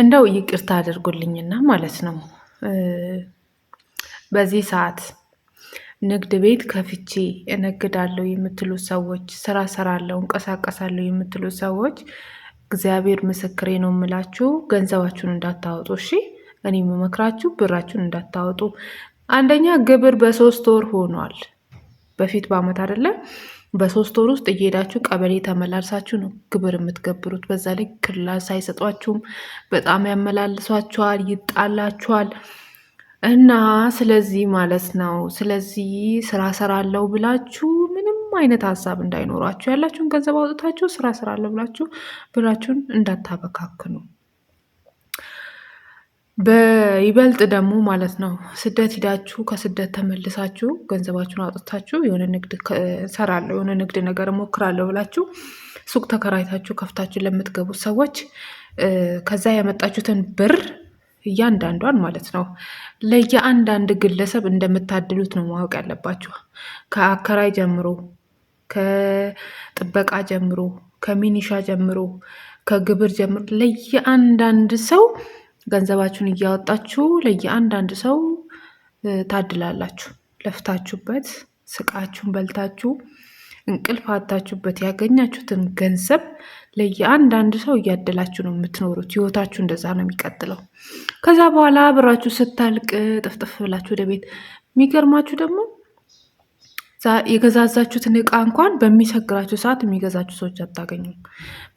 እንደው ይቅርታ አድርጉልኝና ማለት ነው በዚህ ሰዓት ንግድ ቤት ከፍቼ እነግዳለሁ የምትሉ ሰዎች፣ ስራ ሰራለሁ፣ እንቀሳቀሳለሁ የምትሉ ሰዎች እግዚአብሔር ምስክሬ ነው የምላችሁ፣ ገንዘባችሁን እንዳታወጡ። እሺ፣ እኔ የምመክራችሁ ብራችሁን እንዳታወጡ። አንደኛ ግብር በሶስት ወር ሆኗል። በፊት በአመት አይደለም በሶስት ወር ውስጥ እየሄዳችሁ ቀበሌ ተመላልሳችሁ ነው ግብር የምትገብሩት። በዛ ላይ ክላስ አይሰጧችሁም። በጣም ያመላልሷችኋል፣ ይጣላችኋል እና ስለዚህ ማለት ነው ስለዚህ ስራ ሰራለው ብላችሁ ምንም አይነት ሀሳብ እንዳይኖራችሁ ያላችሁን ገንዘብ አውጥታችሁ ስራ ሰራለው ብላችሁ ብራችሁን እንዳታበካክኑ። በይበልጥ ደግሞ ማለት ነው ስደት ሂዳችሁ ከስደት ተመልሳችሁ ገንዘባችሁን አውጥታችሁ የሆነ ንግድ ሰራለሁ የሆነ ንግድ ነገር ሞክራለሁ ብላችሁ ሱቅ ተከራይታችሁ ከፍታችሁ ለምትገቡት ሰዎች ከዛ ያመጣችሁትን ብር እያንዳንዷን ማለት ነው ለየአንዳንድ ግለሰብ እንደምታድሉት ነው ማወቅ ያለባችሁ። ከአከራይ ጀምሮ፣ ከጥበቃ ጀምሮ፣ ከሚኒሻ ጀምሮ፣ ከግብር ጀምሮ ለየአንዳንድ ሰው ገንዘባችሁን እያወጣችሁ ለየአንዳንድ ሰው ታድላላችሁ። ለፍታችሁበት፣ ስቃችሁን በልታችሁ፣ እንቅልፍ አታችሁበት ያገኛችሁትን ገንዘብ ለየአንዳንድ ሰው እያደላችሁ ነው የምትኖሩት። ህይወታችሁ እንደዛ ነው የሚቀጥለው። ከዛ በኋላ ብራችሁ ስታልቅ ጥፍጥፍ ብላችሁ ወደ ቤት የሚገርማችሁ ደግሞ የገዛዛችሁትን እቃ እንኳን በሚቸግራችሁ ሰዓት የሚገዛችሁ ሰዎች አታገኙም።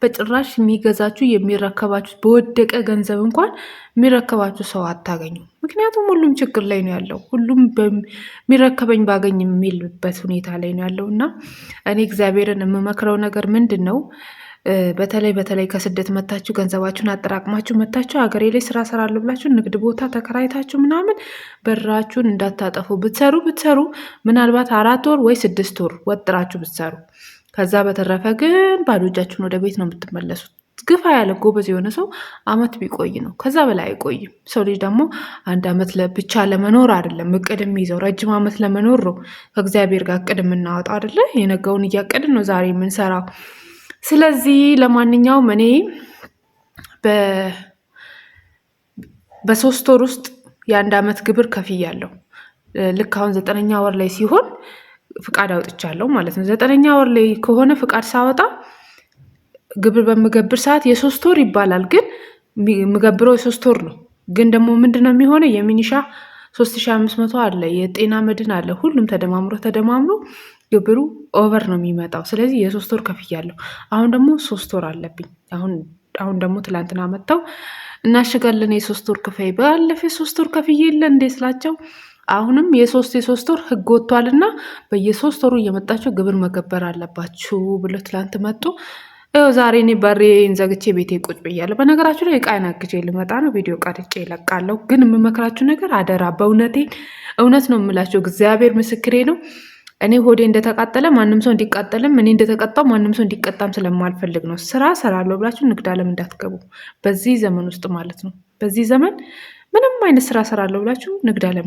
በጭራሽ የሚገዛችሁ የሚረከባችሁ፣ በወደቀ ገንዘብ እንኳን የሚረከባችሁ ሰው አታገኙም። ምክንያቱም ሁሉም ችግር ላይ ነው ያለው። ሁሉም የሚረከበኝ ባገኝ የሚልበት ሁኔታ ላይ ነው ያለው እና እኔ እግዚአብሔርን የምመክረው ነገር ምንድን ነው በተለይ በተለይ ከስደት መታችሁ ገንዘባችሁን አጠራቅማችሁ መታችሁ ሀገሬ ላይ ስራ ሰራለሁ ብላችሁ ንግድ ቦታ ተከራይታችሁ ምናምን በራችሁን እንዳታጠፉ ብትሰሩ ብትሰሩ ምናልባት አራት ወር ወይ ስድስት ወር ወጥራችሁ ብትሰሩ፣ ከዛ በተረፈ ግን ባዶ እጃችሁን ወደ ቤት ነው የምትመለሱት። ግፋ ያለ ጎበዝ የሆነ ሰው አመት ቢቆይ ነው፣ ከዛ በላይ አይቆይም። ሰው ልጅ ደግሞ አንድ አመት ብቻ ለመኖር አይደለም እቅድ የሚይዘው ረጅም አመት ለመኖር ነው። ከእግዚአብሔር ጋር እቅድ የምናወጣው አይደለ? የነገውን እያቀድን ነው ዛሬ የምንሰራው። ስለዚህ ለማንኛውም እኔ በሶስት ወር ውስጥ የአንድ ዓመት ግብር ከፍያለሁ። ልክ አሁን ዘጠነኛ ወር ላይ ሲሆን ፍቃድ አውጥቻለሁ ማለት ነው። ዘጠነኛ ወር ላይ ከሆነ ፍቃድ ሳወጣ ግብር በምገብር ሰዓት የሶስት ወር ይባላል፣ ግን የምገብረው የሶስት ወር ነው። ግን ደግሞ ምንድን ነው የሚሆነው የሚኒሻ ሶስት ሺ አምስት መቶ አለ፣ የጤና መድን አለ፣ ሁሉም ተደማምሮ ተደማምሮ ግብሩ ኦቨር ነው የሚመጣው። ስለዚህ የሶስት ወር ከፍያለሁ። አሁን ደግሞ ሶስት ወር አለብኝ። አሁን አሁን ደግሞ ትላንትና መጥተው እናሽጋለን የሶስት ወር ክፈይ ባለፈ ሶስት ወር ከፍዬ የለ እንዴ ስላቸው አሁንም የሶስት የሶስት ወር ህግ ወጥቷል ወጥቷልና በየሶስት ወሩ እየመጣችሁ ግብር መገበር አለባችሁ ብሎ ትላንት መጡ። ይኸው ዛሬ እኔ በሬን ዘግቼ ቤቴ ቁጭ ብያለሁ። በነገራችሁ ላይ እቃዬን አግዤ ልመጣ ነው። ቪዲዮ ቀርጬ ይለቃለሁ። ግን የምመክራችሁ ነገር አደራ፣ በእውነቴ እውነት ነው የምላቸው፣ እግዚአብሔር ምስክሬ ነው። እኔ ሆዴ እንደተቃጠለ ማንም ሰው እንዲቃጠልም እኔ እንደተቀጣው ማንም ሰው እንዲቀጣም ስለማልፈልግ ነው። ስራ እሰራለሁ ብላችሁ ንግድ አለም እንዳትገቡ በዚህ ዘመን ውስጥ ማለት ነው። በዚህ ዘመን ምንም አይነት ስራ እሰራለሁ ብላችሁ ንግድ አለም።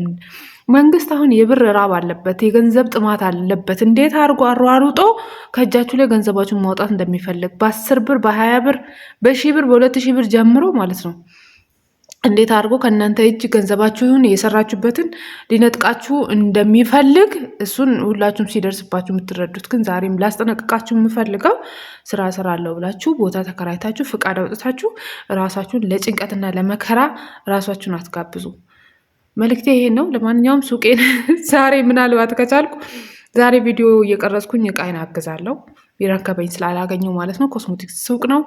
መንግስት አሁን የብር ራብ አለበት፣ የገንዘብ ጥማት አለበት። እንዴት አርጎ አሯሩጦ ከእጃችሁ ላይ ገንዘባችሁን ማውጣት እንደሚፈልግ በአስር ብር በሀያ ብር በሺህ ብር በሁለት ሺህ ብር ጀምሮ ማለት ነው እንዴት አድርጎ ከእናንተ እጅ ገንዘባችሁን የሰራችሁበትን ሊነጥቃችሁ እንደሚፈልግ እሱን ሁላችሁም ሲደርስባችሁ የምትረዱት። ግን ዛሬም ላስጠነቅቃችሁ የምፈልገው ስራ ስራ አለው ብላችሁ ቦታ ተከራይታችሁ ፍቃድ አውጥታችሁ ራሳችሁን ለጭንቀትና ለመከራ ራሳችሁን አትጋብዙ። መልእክቴ ይሄ ነው። ለማንኛውም ሱቄን ዛሬ ምናልባት ከቻልኩ ዛሬ ቪዲዮ እየቀረጽኩኝ እቃይን አግዛለሁ። ቢረከበኝ ስላላገኘው ማለት ነው። ኮስሞቲክስ ሱቅ ነው።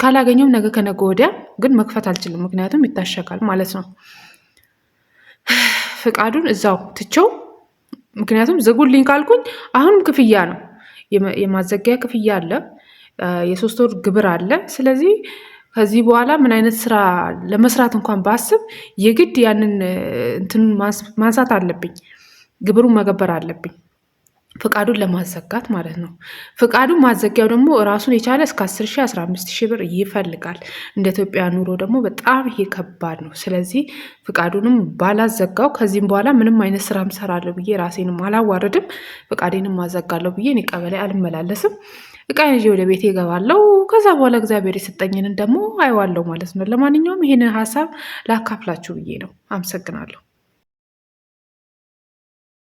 ካላገኘውም ነገ ከነገ ወዲያ ግን መክፈት አልችልም፣ ምክንያቱም ይታሸጋል ማለት ነው። ፍቃዱን እዛው ትቼው፣ ምክንያቱም ዝጉልኝ ካልኩኝ አሁንም ክፍያ ነው፣ የማዘጊያ ክፍያ አለ፣ የሶስት ወር ግብር አለ። ስለዚህ ከዚህ በኋላ ምን አይነት ስራ ለመስራት እንኳን ባስብ የግድ ያንን እንትን ማንሳት አለብኝ፣ ግብሩን መገበር አለብኝ። ፍቃዱን ለማዘጋት ማለት ነው። ፍቃዱ ማዘጊያው ደግሞ ራሱን የቻለ እስከ 10 ሺህ 15 ሺህ ብር ይፈልጋል። እንደ ኢትዮጵያ ኑሮ ደግሞ በጣም ይሄ ከባድ ነው። ስለዚህ ፍቃዱንም ባላዘጋው ከዚህም በኋላ ምንም አይነት ስራ ምሰራለሁ ብዬ ራሴንም አላዋረድም ፍቃዴንም ማዘጋለሁ ብዬ እኔ ቀበሌ አልመላለስም። እቃ ይዤ ወደ ቤት እገባለሁ። ከዛ በኋላ እግዚአብሔር የሰጠኝንን ደግሞ አይዋለው ማለት ነው። ለማንኛውም ይሄንን ሀሳብ ላካፍላችሁ ብዬ ነው። አመሰግናለሁ።